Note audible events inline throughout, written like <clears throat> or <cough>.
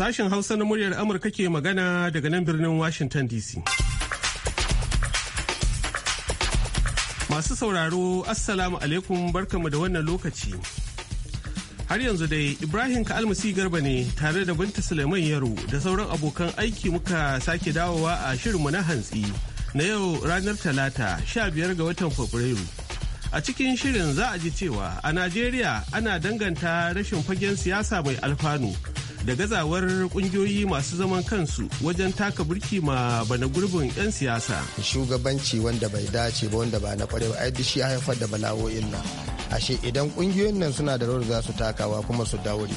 Sashen Hausa na muryar Amurka ke magana daga nan birnin Washington DC. Masu sauraro, Assalamu alaikum barkamu da wannan lokaci. Har yanzu dai Ibrahim Ka'almasi Garba ne tare da Binta Suleiman Yaro da sauran abokan aiki muka sake dawowa a shirinmu na hantsi na yau ranar Talata sha biyar ga watan Fabrairu. A cikin shirin za a ji cewa a Najeriya ana danganta rashin fagen siyasa mai alfanu. da gazawar kungiyoyi masu zaman kansu wajen taka burki ma bana gurbin 'yan siyasa. Shugabanci wanda bai dace ba wanda ba na kware ba ai shi haifar da bala'o'in nan. Ashe idan kungiyoyin nan suna da rawar za su takawa kuma su daure.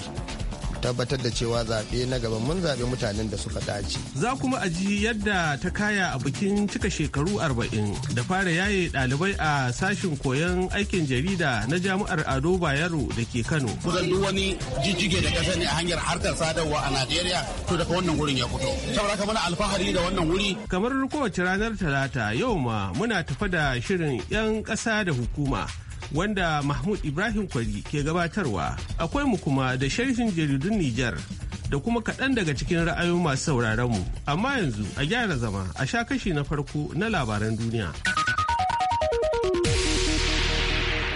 tabbatar da cewa zaɓe na gaba mun zaɓe mutanen da suka dace. Za kuma a ji yadda ta kaya a bikin cika shekaru arba'in da fara yaye ɗalibai a sashin koyon aikin jarida na jami'ar Ado Bayero da ke Kano. Kusan duk wani jijjige da kasa ne a hanyar harkar sadarwa a Najeriya to daga wannan wurin ya fito. Saboda kamar alfahari da wannan wuri. Kamar kowace ranar Talata yau ma muna tafa da shirin 'yan ƙasa da hukuma. wanda Mahmud Ibrahim Kwari ke gabatarwa. Akwai mu kuma da sharhin jaridun Nijar da kuma kaɗan daga cikin ra'ayoyin masu sauraron mu. Amma yanzu a gyara zama a sha kashi na farko na labaran duniya.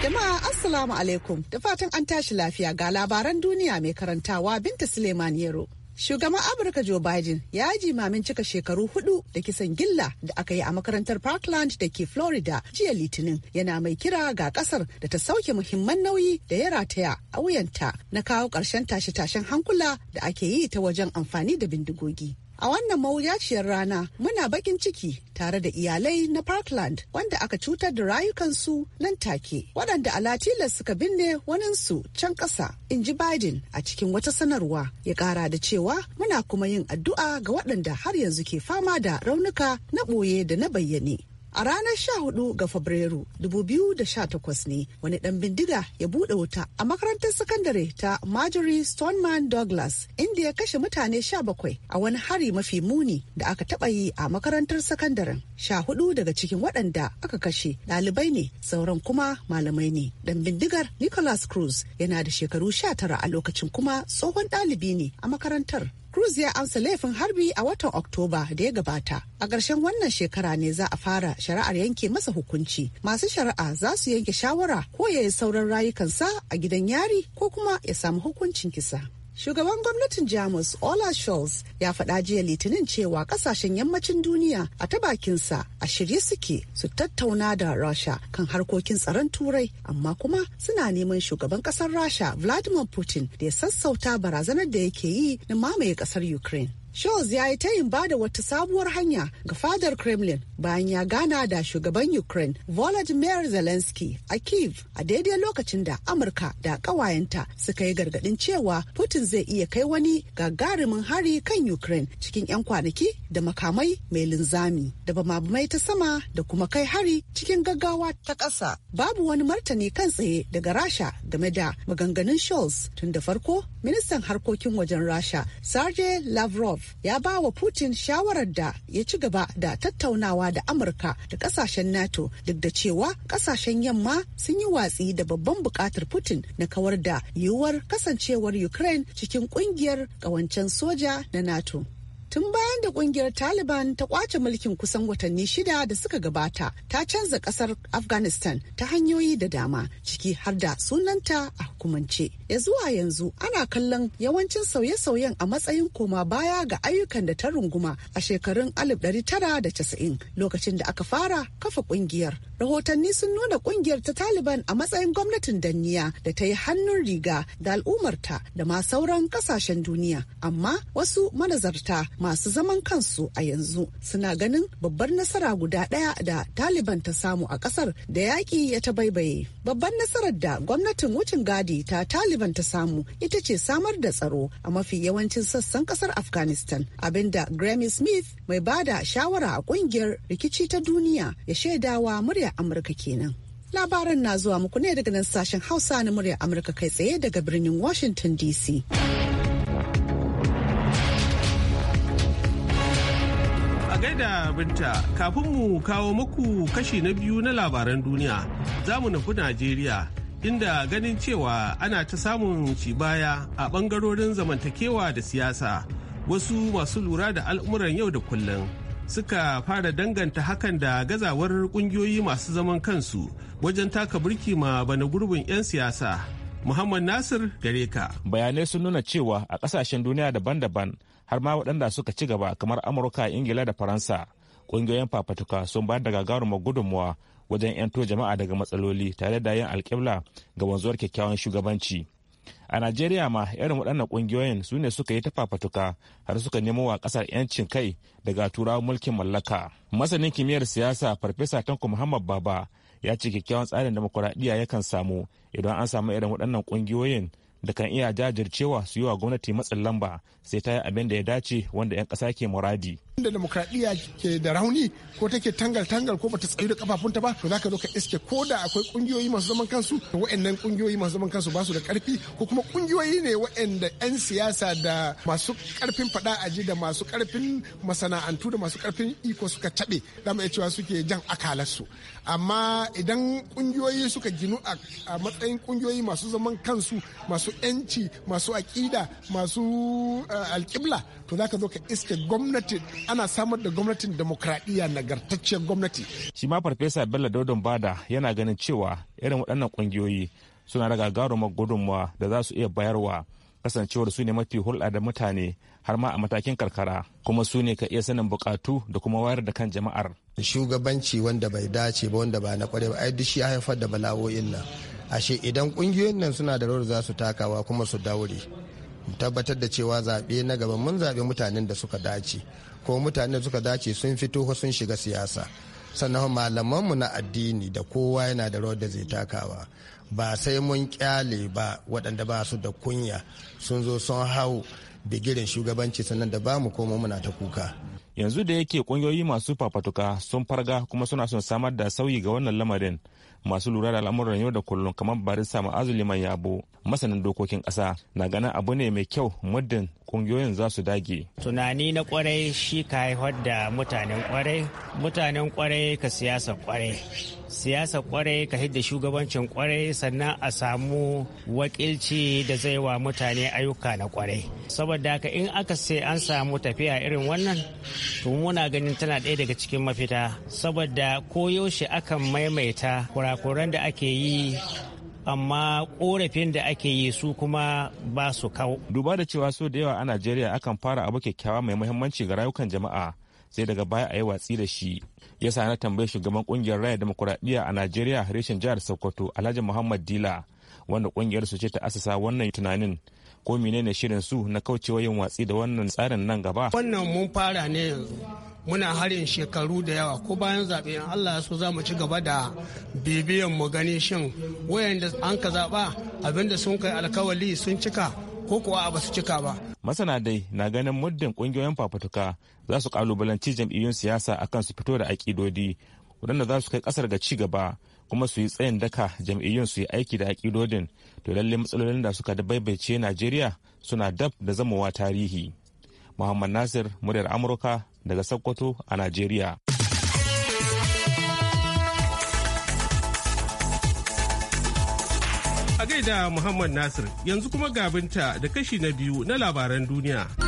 Jama'a Assalamu alaikum da fatan an tashi lafiya ga labaran duniya mai karantawa Binta Suleiman Yero. Shugaban Amurka Joe Biden ya jimamin cika shekaru hudu da kisan gilla da aka yi a makarantar Parkland da ke Florida jiya Litinin yana mai kira ga kasar da ta sauke muhimman nauyi da ya rataya a wuyanta na kawo ƙarshen tashe-tashen hankula da ake yi ta wajen amfani da bindigogi. A wannan mawuyaciyar rana muna bakin ciki tare da iyalai na Parkland wanda aka cutar da rayukansu nan take waɗanda alatilas suka binne waninsu can ƙasa in ji Biden a cikin wata sanarwa ya ƙara da cewa muna kuma yin addu'a ga waɗanda har yanzu ke fama da raunuka na ɓoye da na bayyane. A ranar 14 ga Fabrairu 2018 ne wani ɗan bindiga ya buɗe wuta a makarantar sakandare ta Marjorie Stoneman Douglas inda ya kashe mutane 17 a wani hari mafi muni da aka taɓa yi a makarantar sakandaren. 14 daga cikin waɗanda aka kashe ɗalibai ne sauran kuma malamai ne. Ɗan bindigar Nicholas Cruz yana da shekaru 19 a lokacin kuma tsohon ɗalibi ne a makarantar Cruz ya amsa laifin harbi a watan Oktoba da ya gabata. A ƙarshen wannan shekara ne za a fara shari'ar yanke masa hukunci. Masu shari'a za su yanke shawara ko ya yi sauran rayukansa a gidan yari ko kuma ya samu hukuncin kisa. Shugaban gwamnatin Jamus Ola Scholz ya faɗa jiya Litinin cewa ƙasashen yammacin duniya a ta bakinsa a shirye suke su tattauna da Rasha kan harkokin tsaron Turai amma kuma suna neman shugaban ƙasar Rasha Vladimir Putin da ya sassauta barazanar da yake yi na mamaye ƙasar Ukraine. Scholz ya yi ta tayin bada wata sabuwar hanya ga fadar Kremlin bayan ya gana da shugaban Ukraine Volodymyr Zelensky a Kyiv a daidai lokacin da Amurka da ƙawayenta suka yi gargaɗin cewa Putin zai iya kai wani gagarumin hari kan Ukraine cikin 'yan kwanaki da makamai mai linzami da mai ta sama da kuma kai hari cikin gaggawa ta ƙasa. Babu wani martani kan tsaye daga Rasha game da maganganun Scholz tun da farko ministan harkokin wajen Rasha Sergei Lavrov ya ba wa Putin shawarar da ya ci gaba da tattaunawa da Amurka da kasashen NATO duk da cewa kasashen yamma sun yi watsi da babban bukatar Putin na kawar da yiwuwar kasancewar Ukraine cikin kungiyar kawancen soja na NATO. tun bayan da kungiyar taliban ta kwace mulkin kusan watanni shida da suka gabata ta canza kasar afghanistan ta hanyoyi da dama ciki har da sunanta a hukumance ya zuwa yanzu ana kallon yawancin sauye-sauyen a matsayin koma baya ga ayyukan da ta runguma a shekarun 1990 lokacin da aka fara kafa kungiyar rahotanni sun nuna kungiyar ta taliban a matsayin gwamnatin danniya da ta yi hannun riga da al'ummarta da ma sauran kasashen duniya amma wasu manazarta masu zaman kansu a yanzu suna ganin babbar nasara guda ɗaya da taliban ta samu a ƙasar da yaƙi ya ta baibaye babbar nasarar da gwamnatin wucin gadi ta taliban ta samu ita ce samar da tsaro a mafi yawancin sassan ƙasar afghanistan abinda grammy smith mai bada shawara a ƙungiyar rikici ta duniya ya shaidawa murya amurka kenan labaran na zuwa muku ne daga nan sashen hausa na murya amurka kai tsaye daga birnin washington dc da binta kafin mu kawo muku kashi na biyu na labaran duniya za mu nufi Najeriya inda ganin cewa ana ta samun cibaya a bangarorin zamantakewa da siyasa wasu masu lura da al'umuran yau da kullum suka fara danganta hakan da gazawar kungiyoyi masu zaman kansu wajen taka burki ma bana gurbin 'yan siyasa. Muhammad Nasir Gareka. Bayanai sun nuna cewa a kasashen duniya daban-daban har ma waɗanda suka ci gaba kamar amurka ingila da faransa ƙungiyoyin fafatuka sun bayar da gagarumar gudunmuwa wajen 'yanto jama'a daga matsaloli tare da yin alƙibla ga wanzuwar kyakkyawan shugabanci a najeriya ma irin waɗannan ƙungiyoyin su ne suka yi ta fafatuka har suka nemo wa ƙasar 'yancin kai daga turawan mulkin mallaka masanin kimiyyar siyasa farfesa tanko muhammad baba ya ce kyakkyawan tsarin demokuraɗiyya yakan samu idan an samu irin waɗannan ƙungiyoyin da kan iya jajircewa su yi wa gwamnati matsin lamba sai ta yi abin da ya dace wanda 'yan ƙasa ke muradi da demokradiyya ke da rauni ko take tangal-tangal ko bata tsayu da kafafunta ba to zaka zo ka iske ko da akwai kungiyoyi masu zaman kansu wa'annan kungiyoyi masu zaman kansu ba su da karfi ko kuma kungiyoyi ne wa'anda 'yan siyasa da masu karfin fada ji da masu karfin masana'antu da masu karfin iko suka taɓe da mu cewa suke jan akalarsu amma idan kungiyoyi suka ginu a matsayin kungiyoyi masu zaman kansu masu 'yanci masu aƙida masu eh, alƙibla to za ka zo ka iske gwamnati ana samar da gwamnatin demokradiyya nagartacciyar gwamnati. shi ma farfesa bello daudon bada yana ganin cewa irin waɗannan ƙungiyoyi suna da gagarumar gudunmawa da za su iya bayarwa kasancewar su ne mafi hulɗa da mutane har ma a matakin karkara kuma su ne ka iya sanin bukatu da kuma wayar da kan jama'ar. shugabanci wanda bai dace ba wanda ba na kware ba ai duk shi haifar da bala'o'in nan ashe idan kungiyoyin nan suna da rawar za su takawa kuma su daure mu tabbatar da cewa zaɓe na gaba mun zaɓe mutanen da suka dace ko mutanen da suka dace sun fito sun shiga siyasa sannan malamanmu na addini da kowa yana da rawar da zai takawa ba sai mun kyale ba waɗanda ba su da kunya sun zo sun hau bigirin shugabanci sannan da ba mu koma muna ta kuka yanzu da yake ƙungiyoyi masu fafatuka sun farga kuma suna son samar da sauyi ga wannan lamarin masu lura da al'amuran yau da kullum kamar barista ma'azu liman yabo masanin dokokin ƙasa na ganin abu ne mai kyau muddin kungiyoyin za su dage. Tunani na kwarai shi ka haifar da mutanen kwarai, mutanen kwarai ka siyasa kwarai. Siyasa kwarai ka hidda shugabancin kwarai sannan a samu wakilci da zai wa mutane ayyuka na kwarai. Saboda haka in aka sai an samu tafiya irin wannan, to muna ganin tana ɗaya daga cikin mafita. Saboda koyaushe akan maimaita kurakuran da ake yi amma korafin da ake yi su kuma ba su kawo. Duba da cewa so da yawa a Najeriya akan fara abu kyakkyawa mai muhimmanci ga rayukan jama'a sai daga baya a yi watsi da shi. Ya sa na tambayi shugaban kungiyar raya demokuraɗiyya a Najeriya reshen jihar Sokoto Alhaji Muhammad Dila wanda kungiyar su ce ta asasa wannan tunanin ko menene shirin su na kaucewa yin watsi da wannan tsarin nan gaba wannan mun fara ne yanzu muna harin shekaru da yawa ko bayan zaɓe in Allah ya so za mu ci gaba da bibiyan mu gani shin wayanda an ka zaɓa abinda sun kai alkawali sun cika ko kuwa ba su cika ba masana dai na ganin muddin ƙungiyoyin fafutuka za su kalubalanci jam'iyyun siyasa akan su fito da aƙidodi waɗanda za su kai ƙasar ga ci gaba kuma su yi tsayin daka jam'iyyun su yi aiki da aƙidodin to lalle matsalolin da suka baibaice najeriya suna dab da zamowa tarihi muhammad nasir muryar amurka daga sokoto a najeriya a gaida muhammad nasir yanzu kuma gabinta da kashi na biyu na labaran duniya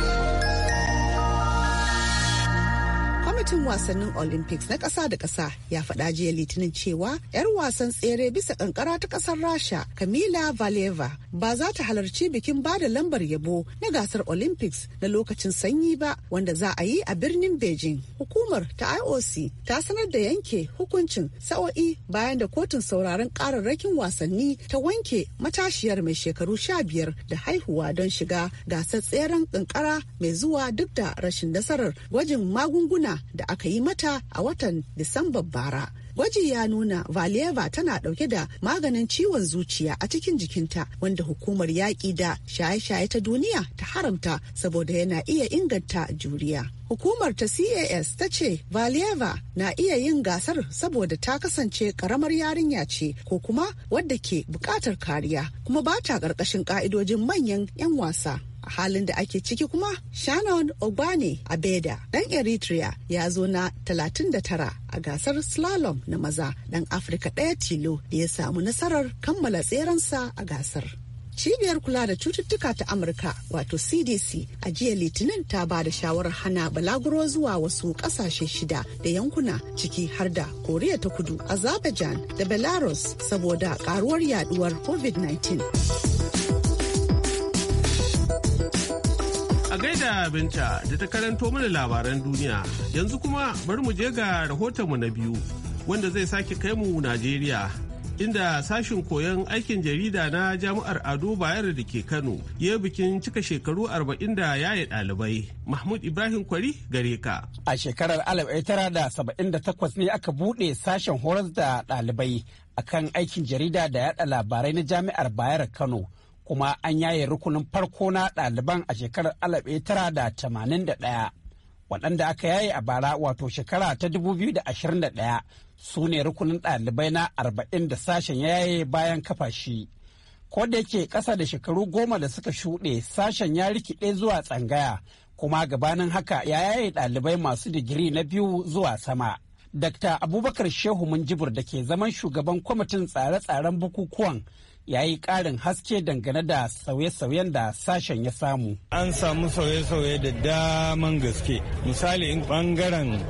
kwamitin wasannin olympics na ƙasa da ƙasa ya faɗa jiya litinin cewa 'yar wasan tsere bisa kankara ta ƙasar rasha kamila valeva ba za ta halarci bikin ba da lambar yabo na gasar olympics na lokacin sanyi ba wanda za a yi a birnin beijing hukumar ta ioc ta sanar da yanke hukuncin sa'o'i bayan da kotun sauraron ƙararrakin wasanni ta wanke matashiyar mai shekaru sha biyar da haihuwa don shiga gasar tseren kankara mai zuwa duk da rashin nasarar gwajin magunguna da da aka yi mata a watan Disambar bara. Gwaji ya nuna Valieva tana dauke da maganin ciwon zuciya a cikin jikinta wanda hukumar yaƙi da shaye-shaye ta duniya ta haramta saboda yana iya inganta juriya. Hukumar ta CAS ta ce Valieva na iya yin gasar saboda ta kasance karamar yarinya ce ko kuma wadda ke bukatar kariya kuma ba ta ƙarƙashin ƙa'idojin manyan 'yan wasa. halin da ake ciki kuma shannon ogbani abeda dan eritrea ya zo na 39 a gasar slalom na maza dan afirka daya tilo da ya samu nasarar kammala tserensa a gasar cibiyar kula da cututtuka ta amurka wato cdc a jiya litinin ta ba da shawarar hana balaguro zuwa wasu kasashe shida da yankuna ciki har da koriya ta kudu azerbaijan da belarus saboda karuwar yaduwar covid-19 A gaida Binta da ta karanto mana labaran duniya yanzu kuma bari mu je ga rahotonmu na biyu wanda zai sake kai mu Najeriya inda sashin koyon aikin jarida na jami'ar Ado bayar da ke Kano ya bikin cika shekaru 40 da yaye ɗalibai. Mahmud Ibrahim Kwari gare ka. A shekarar 1978 ne aka buɗe sashen horar da ɗalibai akan aikin jarida da yaɗa labarai na jami'ar bayar Kano. kuma an yaye rukunin farko na ɗaliban a shekarar tara da 1981 waɗanda aka yaye a bara wato shekara ta da da ɗaya su ne rukunin ɗalibai na arba'in da sashen yaye bayan kafa shi ko da yake ƙasa da shekaru goma da suka shuɗe sashen ya rikiɗe zuwa tsangaya kuma gabanin haka ya yaye ɗalibai masu digiri na biyu zuwa sama Dr. Abubakar Shehu Munjibur da ke zaman shugaban kwamitin tsare-tsaren bukukuwan ya yi ƙarin haske dangane da sauye-sauyen da sashen ya samu. An samu sauye-sauye da daman gaske. Misali in ɓangaren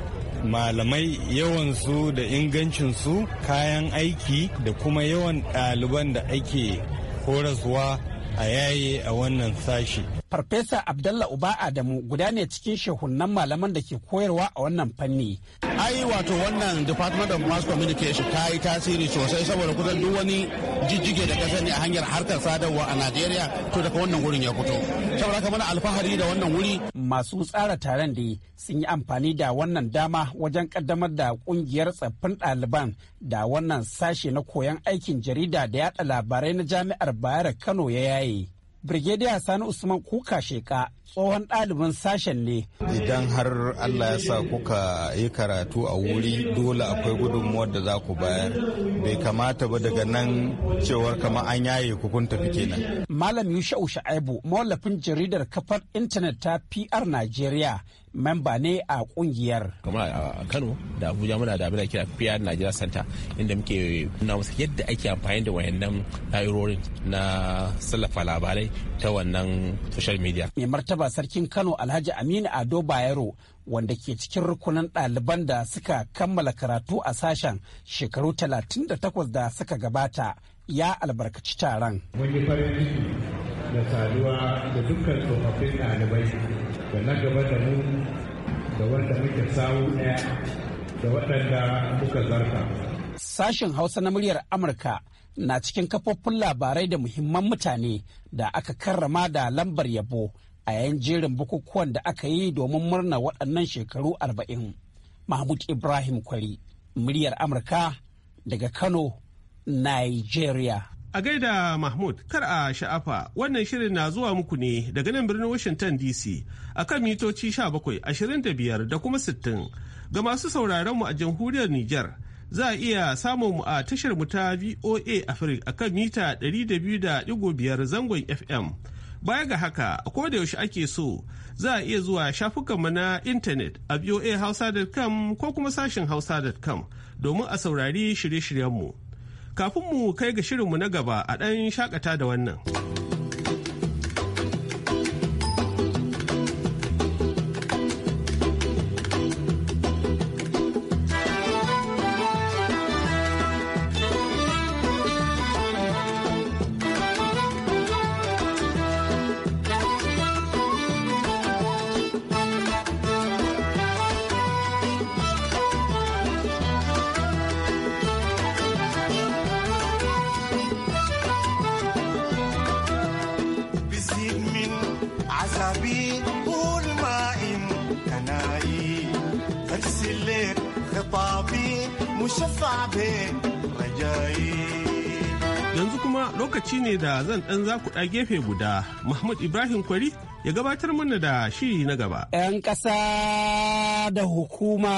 malamai yawansu da ingancinsu kayan aiki da kuma yawan ɗaliban da ake horaswa a yaye a wannan sashi Farfesa Abdallah Uba Adamu guda ne cikin shehunan malaman da ke koyarwa a wannan fanni. Ai wato wannan Department of Mass Communication ta yi tasiri sosai saboda kusan duk wani jijjige da kasani a hanyar harkar sadarwa a Najeriya to daga wannan wurin ya fito. Saboda haka mana alfahari da wannan wuri. Masu tsara taron da sun yi amfani da wannan dama wajen kaddamar da kungiyar tsaffin ɗaliban da wannan sashe na koyon aikin jarida da yada labarai na jami'ar Bayero Kano ya yaye. Brigadier Sani Usman Kuka Sheka tsohon ɗaliban sashen ne. Idan har Allah ya sa kuka yi karatu a wuri dole akwai gudunmuwar da za ku bayar. Bai kamata ba daga nan cewar kama an yaye kukun tafi kenan. Malam Yusha'u Sha'aibu mawallafin jaridar kafar intanet ta PR Najeriya memba ne a kungiyar. kamar a kano da abuja muna da abin kira pr nigeria center inda muke nuna musu yadda ake amfani da wayannan na'urorin na sallafa labarai ta wannan social media. mai martaba martaba sarkin kano alhaji aminu ado bayero wanda ke cikin rukunin ɗaliban da suka kammala karatu a sashen shekaru 38 da suka gabata ya albarkaci taron. Mun yi farin ciki da saduwa da dukkan tsofaffin ɗalibai da na gaba da mu da wanda muke sawu ɗaya da waɗanda muka zarta. Sashen Hausa na muryar Amurka na cikin kafofin labarai da muhimman mutane da aka karrama da lambar yabo a yayin jerin bukukuwan da aka yi domin murna waɗannan shekaru arba'in. Mahmud Ibrahim Kwari, muryar Amurka daga Kano, Nigeria. A gaida Mahmud, kar a sha'afa wannan shirin na zuwa muku ne daga nan birnin Washington DC a kan mitoci 17, 25 da kuma 60. Ga masu sauraron mu a jamhuriyar Nijar, za a iya samun mu a tashar mu ta VOA Africa a kan mita 200.5 zangon FM. Baya ga haka, ko da yaushe ake so, za a iya zuwa shafukanmu na intanet a voahausa.com ko kuma sashin hausa.com domin a saurari shirye-shiryenmu. Kafin mu kai ga shirinmu na gaba a ɗan shakata da wannan. Yanzu kuma lokaci ne da zan ɗan zakuɗa gefe guda, Mahmud Ibrahim Kwari ya gabatar mana da shiri na gaba. 'Yan ƙasa da hukuma.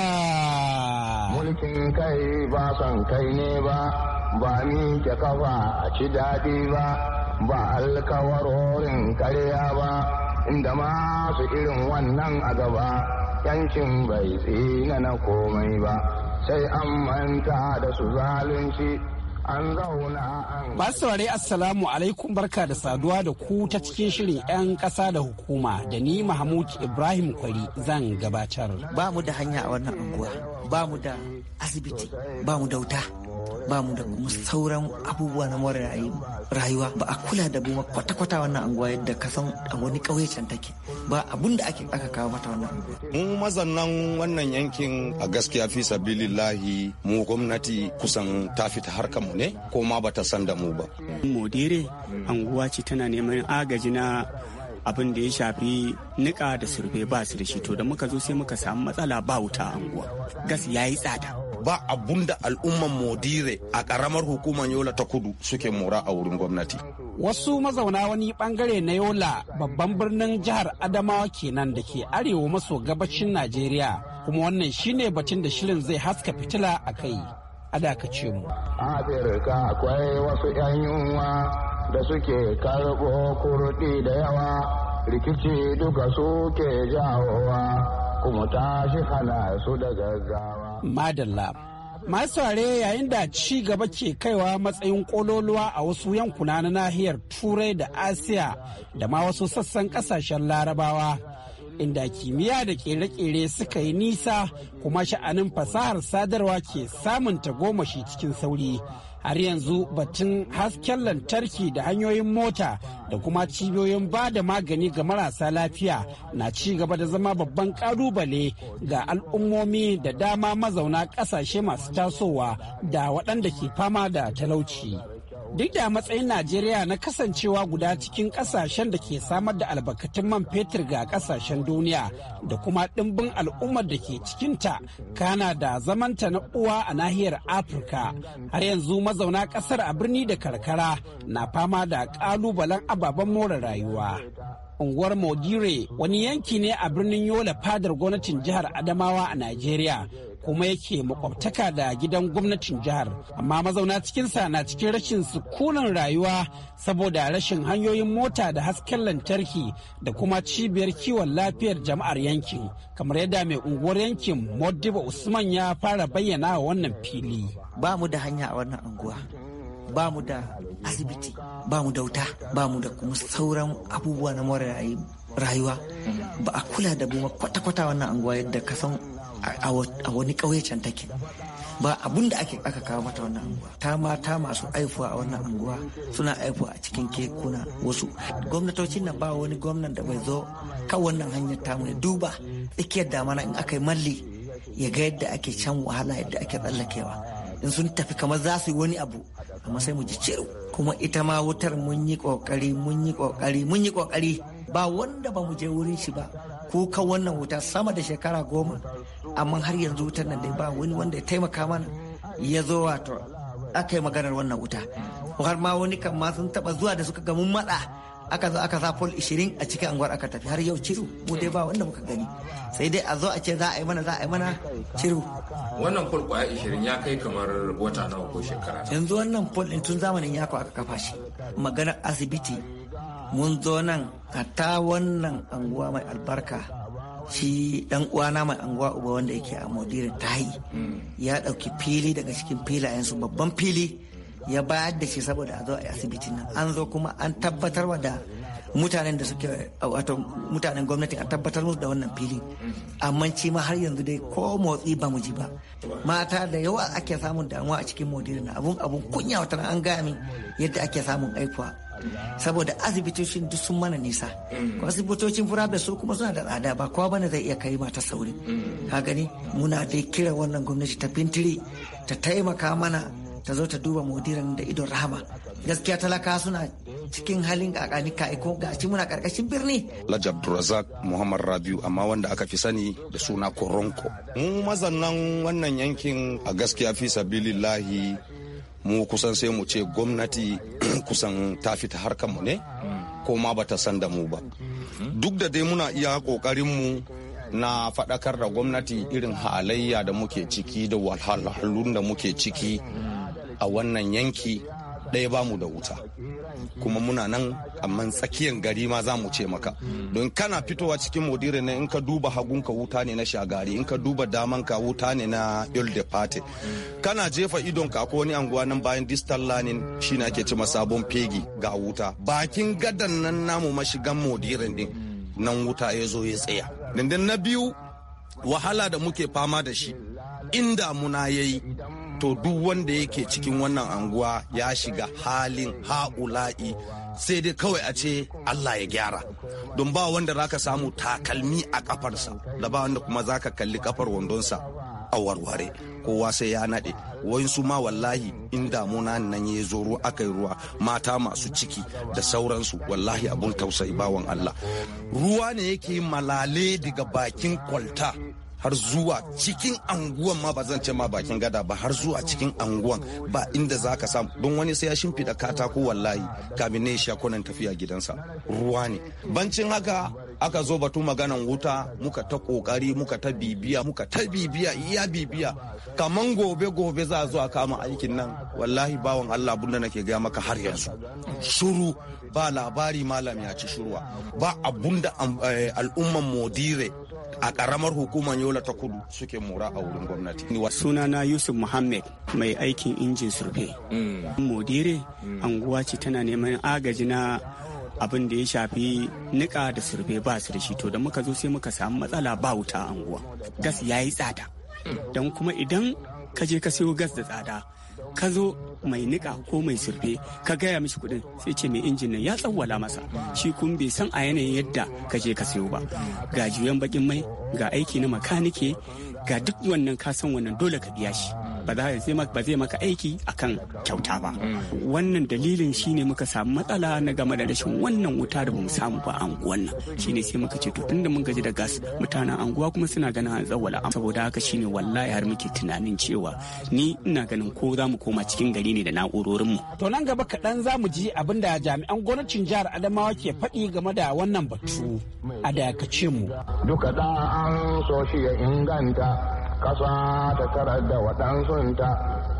Mulkin kai ba san kai ne ba, ba ni ke kafa a ci daɗi ba, ba alkawarorin karya ba, inda masu irin wannan a gaba, yankin bai tsina na komai ba. sai an manta da su zalunci an zauna an masu saurari assalamu alaikum barka da saduwa da ku ta cikin shirin 'yan ƙasa da hukuma da ni mahmud ibrahim kwari zan gabatar ba mu da hanya a wannan anguwa ba mu da asibiti ba mu da wuta ba mu da kuma sauran abubuwa na more rayuwa ba a kula da mu kwata-kwata wannan anguwa yadda ka san a wani ƙauye can take ba abun da ake aka kawo mata wannan mu mazannan wannan yankin a gaskiya fi sabilillahi mu gwamnati kusan ta fita harkar mu ne ko ma bata san da mu ba modere anguwa ce tana neman agaji na abin da ya shafi nika da surfe ba su da shi to da muka zo sai muka samu matsala ba wuta anguwa gas yayi yi tsada ba abunda da al'umman modire a karamar hukumar yola ta kudu suke mora a wurin gwamnati wasu mazauna wani bangare na yola babban birnin jihar adamawa kenan da ke arewa maso gabashin najeriya kuma wannan shine batun da shirin zai haska fitila a kai a ce mu akwai wasu 'yan yunwa da suke karɓo kurɗi da yawa rikici duka suke jawowa kuma tashi hana su da gaggawa Madalla. Masu saurare yayin da ci gaba ke kaiwa matsayin kololuwa a wasu yankuna na nahiyar Turai da Asiya da ma wasu sassan kasashen larabawa. Inda kimiyya da kere-kere suka yi nisa kuma sha'anin fasahar sadarwa ke samun tagomashi cikin sauri. har yanzu batun hasken lantarki da hanyoyin mota da kuma cibiyoyin ba da magani ga marasa lafiya na ci gaba da zama babban ƙalubale ga al'ummomi da dama mazauna ƙasashe masu tasowa da waɗanda ke fama da talauci. duk da matsayin najeriya na kasancewa guda cikin kasashen da ke samar da albarkatun man fetur ga kasashen duniya da kuma ɗimbin al'ummar da ke cikinta kana da zamanta na uwa a nahiyar afirka har yanzu mazauna ƙasar a birni da karkara na fama da ƙalubalen ababen more rayuwa unguwar mogire wani yanki ne a birnin yola fadar gwamnatin jihar adamawa a najeriya kuma yake makwabtaka da gidan gwamnatin jihar amma mazauna cikinsa na cikin rashin sukunan rayuwa saboda rashin hanyoyin mota da hasken lantarki da kuma cibiyar kiwon lafiyar jama'ar yankin kamar yadda mai unguwar yankin modiba usman ya fara bayyana wannan fili ba mu da hanya a wannan unguwa ba mu da asibiti ba mu da wuta ba mu da kuma sauran abubuwa na more rayuwa ba a kula da mu kwata-kwata wannan anguwa yadda ka san a wani ƙauye can take ba abun da ake aka kawo mata wannan anguwa ta mata masu aifuwa a wannan anguwa suna aifuwa a cikin kekuna wasu gwamnatocin nan ba wani gwamnan da bai zo kan wannan hanyar ta mu duba tsakiyar damana in aka yi malli ya ga yadda ake can wahala yadda ake tsallakewa in sun tafi kamar za su yi wani abu amma sai mu ji ciro kuma ita ma wutar mun yi kokari mun yi kokari mun yi kokari ba wanda ba mu je wurin shi ba ko kan wannan wuta sama da shekara goma amma har yanzu wutar nan dai ba wani wanda ya taimaka mana ya zo wato aka yi maganar wannan wuta har ma wani kan ma sun taba zuwa da suka ga mun matsa aka zo aka sa pol 20 a cikin anguwar aka tafi har yau ciru mu dai ba wanda muka gani sai dai a zo a ce za a yi mana za a yi mana ciru wannan pol kwaya 20 ya kai kamar wata nawa ko shekara yanzu wannan pol din tun zamanin yako aka kafa shi maganar asibiti mun zo nan ta wannan anguwa mai albarka shi dan uwana mai anguwa uba wanda yake a modiri ta yi ya dauki fili daga cikin filayensu babban fili ya bayar da shi saboda a zo a yi asibitin nan an zo kuma an tabbatar da mutanen da suke wato mutanen gwamnati a tabbatar musu da wannan filin amma ci ma har yanzu dai ko motsi ba mu ji ba mata da yawa ake samun damuwa a cikin modiri na abun abun kunya wata an gaya min yadda ake samun aikuwa saboda asibitocin duk sun mana nisa mm. asibitocin private su kuma suna da tsada ba kowa bane zai iya kai mata sauri mm. ka gani muna dai kira wannan gwamnati ta fintiri ta taimaka mana ta zo ta duba mudiran da idon rahama gaskiya talaka suna cikin halin kakani kai ko gashi muna karkashin birni Lajab Razak Muhammad Rabiu amma wanda aka fi sani da suna Koronko mu mazannan wannan yankin a gaskiya fi sabilillahi mu kusan sai mu ce gwamnati <clears throat> kusan ta fita harkar mu ne ko ma bata san da mu ba duk da dai muna iya kokarin mu na faɗakar da gwamnati irin halayya da muke ciki da wahalhalun da muke ciki a wannan yanki ɗaya ba mu da wuta kuma muna nan amma tsakiyar gari ma za mu ce maka don kana fitowa cikin modire ne in ka duba hagunka wuta ne na shagari in ka duba damanka wuta ne na de pate kana jefa idon ka ko wani anguwa nan bayan distal lanin shi na ke cima sabon fegi ga wuta bakin gadan nan namu mashigan modire ne. nan wuta ya zo ya tsaya dandan na biyu wahala da muke fama da shi in damuna yayi to duk wanda yake cikin wannan anguwa ya shiga halin ha'ula'i sai dai kawai a ce Allah ya gyara don ba wanda zaka samu takalmi a kafarsa da ba wanda kuma zaka kalli kafar wandonsa a warware kowa sai ya naɗe wayansu ma wallahi in damuna nan ya zo ruwa aka yi ruwa mata masu ciki da sauransu wallahi abun tausayi bawan Allah ruwa ne yake malale daga bakin kwalta har zuwa cikin anguwan ma ba zan ce ma bakin gada ba har zuwa cikin anguwan ba inda za ka samu don wani sai ya shimfiɗa katako wallahi kamin ne ya kunan tafiya gidansa ruwa ne bancin haka aka zo batu maganan wuta muka ta kokari muka ta bibiya muka ta bibiya iya bibiya kaman gobe gobe za a zo a kama aikin nan wallahi bawan Allah abunda nake gaya maka har yanzu shuru ba labari malam ya ci shuruwa ba abunda eh, al'umman modire a karamar hukumar yola ta kudu suke mora a wurin gwamnati sunana yusuf muhammad mai aikin injin surfe mm. modire mm. anguwa ce tana neman agaji na abin da ya shafi nika da surfe ba su da shi to da muka zo sai muka samu matsala ba wuta anguwa gas ya yi tsada mm. don kuma idan ka je ka siyo gas da tsada ka zo mai niƙa ko mai surfe ka gaya mishi kuɗin sai ce mai injin nan ya tsawwala masa shi kun bai san a yanayin yadda ka je ka sayo ba ga juyan bakin mai ga aiki na makanike ga duk wannan ka san wannan dole ka biya shi ba za zai maka aiki akan kyauta ba wannan dalilin shine muka samu matsala na game da rashin wannan wuta da bamu samu ba a anguwan nan shine sai muka ce to tunda mun gaji da gas mutanen anguwa kuma suna ganin an tsawala saboda haka shine wallahi har muke tunanin cewa ni ina ganin ko za mu koma cikin gari ne da na'urorin mu to nan gaba kaɗan za mu ji abin da jami'an gwamnatin jihar adamawa ke faɗi game da wannan batu a dakace mu duka da an so shi ya inganta ƙasa ta tarar da waɗansunta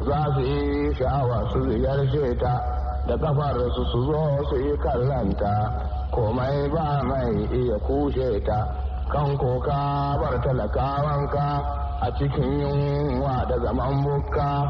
za su yi sha'awa su ziyarce ta da ƙafarsu su su zo su yi kallanta komai ba mai iya kushe ta kan koka bar talakawanka a cikin yunwa da zaman bukka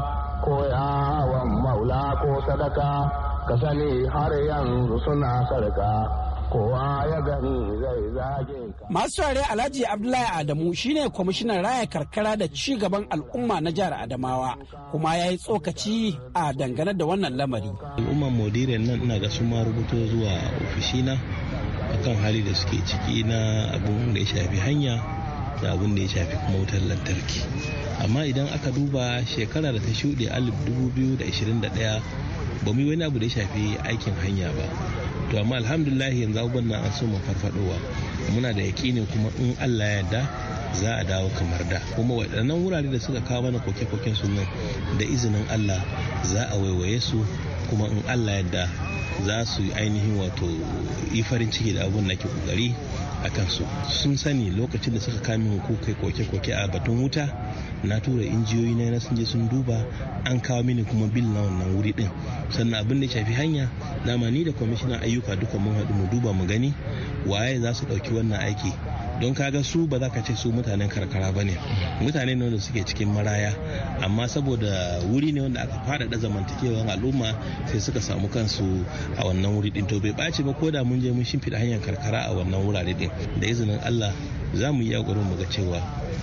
ko yawon maula ko sadaka ka sani har yanzu suna sarka. kowa ya gani zai zage ka. Masu tare Alhaji Abdullahi Adamu shine kwamishinan raya karkara da ci gaban al'umma na jihar Adamawa kuma ya yi tsokaci a dangane da wannan lamari. Al'umman modiren nan ina ga suma rubuto zuwa ofishina akan hali da suke ciki na abun da ya shafi hanya da abun da ya shafi kuma wutar lantarki. Amma idan aka duba shekara da ta shuɗe 2021 ba mu yi wani abu da ya shafi aikin hanya ba. to amma alhamdulillah yanzu abubuwan nan an so mu farfadowa muna da yakinin kuma in Allah ya da za a dawo kamar da kuma waɗannan wurare da suka kawo mana koke-koken su nan da izinin Allah za a waiwaye su kuma in Allah ya da. za su ainihin wato yi farin ciki da abun da ke kokari a kansu sun sani lokacin da suka kame ko kai koke-koke a batun wuta na tura injiyoyi na yana sun je sun duba an kawo mini kuma bil na wannan wuri din sannan abin da shafi hanya dama ni da kwamishinan ayyuka duka mun haɗu mu duba mu gani waye za su ɗauki wannan aiki don ka ga su ba za ka ce su mutanen karkara ba ne mutane ne wanda suke cikin maraya amma saboda wuri ne wanda aka faɗaɗa zamantakewar al'umma sai suka samu kansu a wannan wuri din to bai ɓaci ba ko da mun je mun shimfiɗa hanyar karkara a wannan wurare din da izinin allah za mu yi yagurin mu ga cewa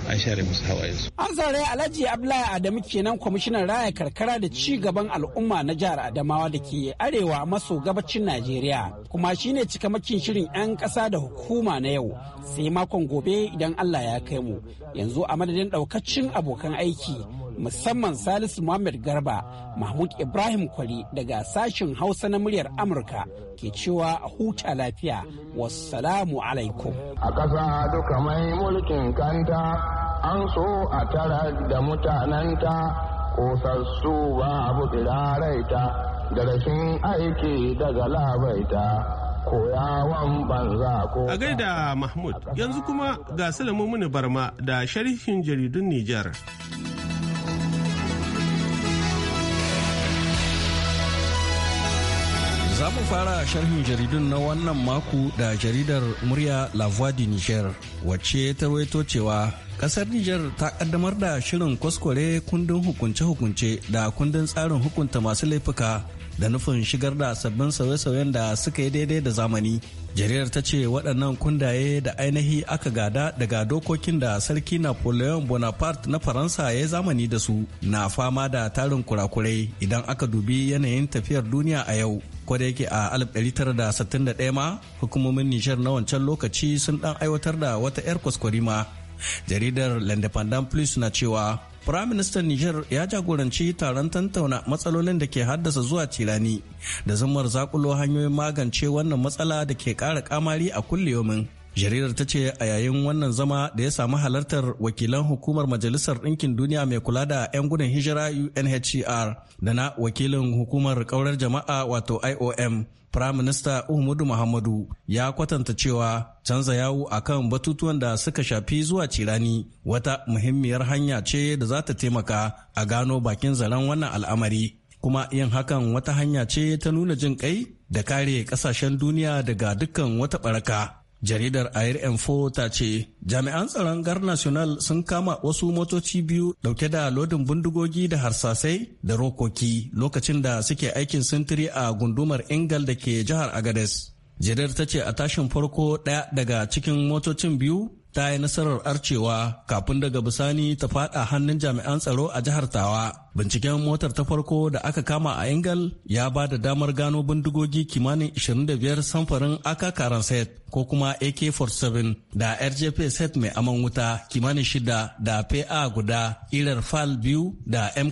an share musu hawayensu. An zare Alhaji Abdullahi Adamu kenan kwamishinan raya karkara da ci gaban al'umma na jihar Adamawa da ke arewa maso gabacin Najeriya kuma shine cikamakin shirin 'yan ƙasa da hukuma na yau sai makon gobe idan Allah ya kai mu yanzu a madadin ɗaukacin abokan aiki musamman Salisu Muhammad Garba, Mahmud Ibrahim Kwari daga sashen Hausa na muryar Amurka ke cewa huta lafiya. Wassalamu alaikum. A ƙasa duka mai mulkin kanta an so a tara da mutananta kosassu ba abu ta da rashin aiki daga labaita. koyawan banza ko a gaida mahmud yanzu kuma ga salamu barma da sharhin jaridun Nijar. Za mu fara sharhin jaridun na wannan mako da jaridar murya La Voix du Niger wacce ta rawaito cewa kasar Niger ta kaddamar da shirin kwaskware kundin hukunce-hukunce da kundin tsarin hukunta masu laifuka da nufin shigar da sabbin sauye-sauyen da suka yi daidai da zamani jaridar ta ce waɗannan kundaye da ainihi aka gada daga dokokin da sarki napoleon bonaparte na faransa ya yi zamani da su na fama da tarin kurakurai idan aka dubi yanayin tafiyar duniya a yau yake a 1961 ma hukumomin nijar na wancan lokaci sun ɗan aiwatar da wata 'yar kwaskwarima jaridar l'independent plus na cewa Firaministan Nijar ya jagoranci taron tantauna matsalolin da ke haddasa zuwa tirani da zamar zakulo hanyoyin magance wannan matsala da ke kara kamari a kulliyomin. Jaridar ta ce a yayin wannan zama da ya samu halartar wakilan hukumar Majalisar Ɗinkin Duniya mai kula da 'yan gudun hijira UNHCR da na wakilin hukumar ƙaurar jama'a wato IOM. Prime Minister Uhumudu Muhammadu ya kwatanta cewa canza yawo kan batutuwan da suka shafi zuwa cirani wata muhimmiyar hanya ce da za ta taimaka a gano bakin zaren wannan al'amari. kuma yin hakan wata hanya ce ta nuna jin kai da kare kasashen duniya daga dukkan wata baraka jaridar air info ta ce jami'an tsaron gar national sun kama wasu motoci biyu dauke da lodin bindigogi da harsasai da rokoki lokacin da suke aikin sintiri a gundumar ingal da ke jihar agades jaridar ta ce a tashin farko daya daga cikin motocin biyu ta yi nasarar arcewa kafin daga bisani ta fada hannun jami'an tsaro a jihar tawa binciken motar ta farko da aka kama a ingal ya ba da damar gano bindigogi kimanin 25 samfarin aka karan set ko kuma ak-47 da rjp set mai aman wuta kimanin shida da pa guda irar fal biyu da m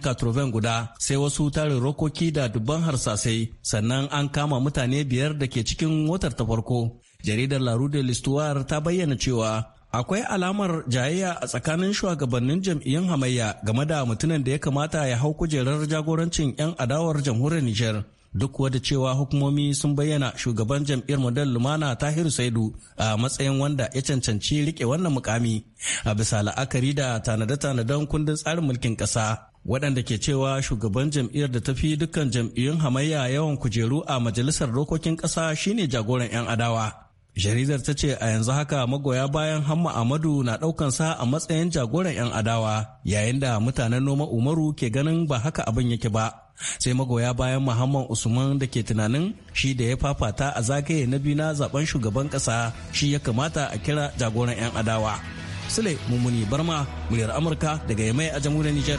guda sai wasu tarin rokoki da dubban harsasai sannan an kama mutane biyar da ke cikin motar ta farko jaridar Larude Listuwar ta bayyana cewa akwai alamar jayayya a tsakanin shugabannin jam'iyyun hamayya game da mutumin da ya kamata ya hau kujerar jagorancin 'yan adawar jamhuriyar Nijar. Duk da cewa hukumomi sun bayyana shugaban jam'iyyar model Lumana Tahir Saidu a matsayin wanda ya cancanci rike wannan mukami a bisa la'akari da tanade-tanaden kundin tsarin mulkin ƙasa. waɗanda ke cewa shugaban jam'iyyar da tafi fi dukkan jam'iyyun hamayya yawan kujeru a majalisar dokokin ƙasa shine jagoran 'yan adawa. Jaridar ta ce a yanzu haka magoya bayan Hamma Amadu na ɗaukansa a matsayin jagoran 'yan adawa yayin da mutanen noma Umaru ke ganin ba haka abin yake ba. Sai magoya bayan Muhammad Usman da ke tunanin shi da ya fafata a zagaye na biyu na zaben shugaban ƙasa shi ya kamata a kira jagoran 'yan adawa. Sule Mummuni Barma, muryar Amurka daga Yamai a jamhuriyar Nijar.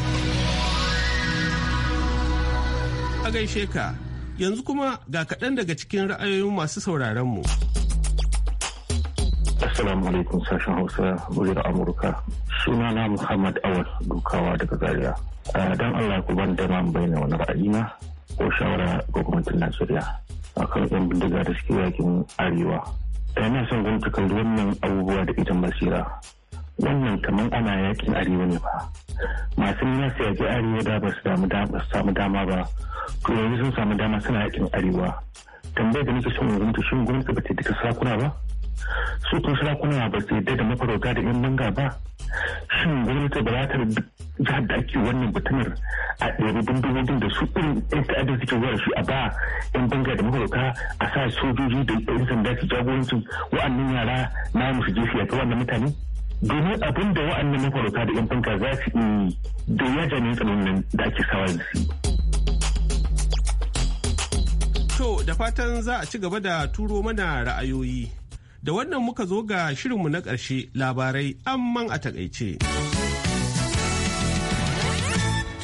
A gaishe ka, yanzu kuma ga kaɗan daga cikin ra'ayoyin masu sauraron mu. Assalamu alaikum sashen Hausa wajen Amurka. na Muhammad Awal Dukawa daga Zaria. Ah, don Allah ku ban dama bayyana wani ra'ayina ko shawara ga gwamnatin Najeriya A kan yan bindiga da suke yakin Arewa. Da yana son gwamnati kan wannan abubuwa da ita masira? Wannan kamar ana yakin Arewa ne ba. Masu nuna su yaki Arewa da ba su samu dama ba. To yanzu sun samu dama suna yakin Arewa. Tambayar da nake son gwamnati shin gwamnati ba ta duka sakuna ba? su kun sarakuna ba su yadda da mafarauta da yan manga ba shin gwamnati ba za jihar da ake wannan batunar a ɗari bindigogin da su irin yan ta'adda suke zuwa shi a ba yan banga da mafarauta a sa sojoji da yan sanda su jagorancin wa'annan yara na musu jefi a wannan mutane domin abin da wa'annan mafarauta da yan banga za su yi da ya jami'in tsaron da ake sawa da su. To da fatan za a ci gaba da turo mana ra'ayoyi. da wannan muka zo ga shirinmu na ƙarshe labarai amman a takaice.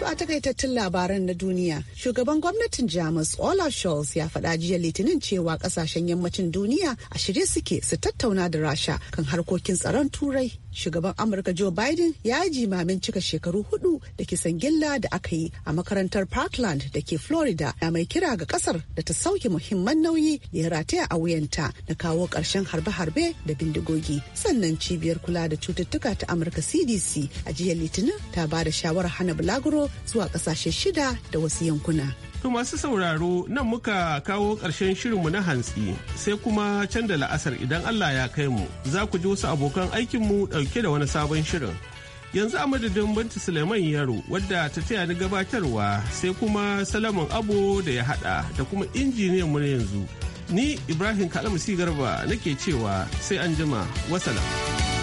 a takaitattun labaran na duniya shugaban gwamnatin jamus olaf scholz ya faɗa jiya litinin cewa ƙasashen yammacin duniya a shirye suke su tattauna da rasha kan harkokin tsaron turai shugaban amurka joe biden ya jimamin cika shekaru hudu da kisan gilla da aka yi a makarantar parkland da ke florida na mai kira ga kasar da ta sauke muhimman nauyi da ya rataya a wuyanta na kawo ƙarshen harbe-harbe da bindigogi sannan cibiyar kula da cututtuka ta amurka cdc a jiya litinin ta ba da shawarar hana bulaguro zuwa kasashe shida da wasu yankuna To masu sauraro nan muka kawo ƙarshen shirinmu na hantsi sai kuma can da la'asar idan Allah ya kai mu za ku ji wasu abokan aikinmu ɗauke da wani sabon shirin. Yanzu a madadin Binta Suleiman Yaro wadda ta taya ni gabatarwa sai kuma Salamun Abo da ya haɗa da kuma injiniyan mu yanzu. Ni Ibrahim Kalamu Garba nake cewa sai an jima wasalam.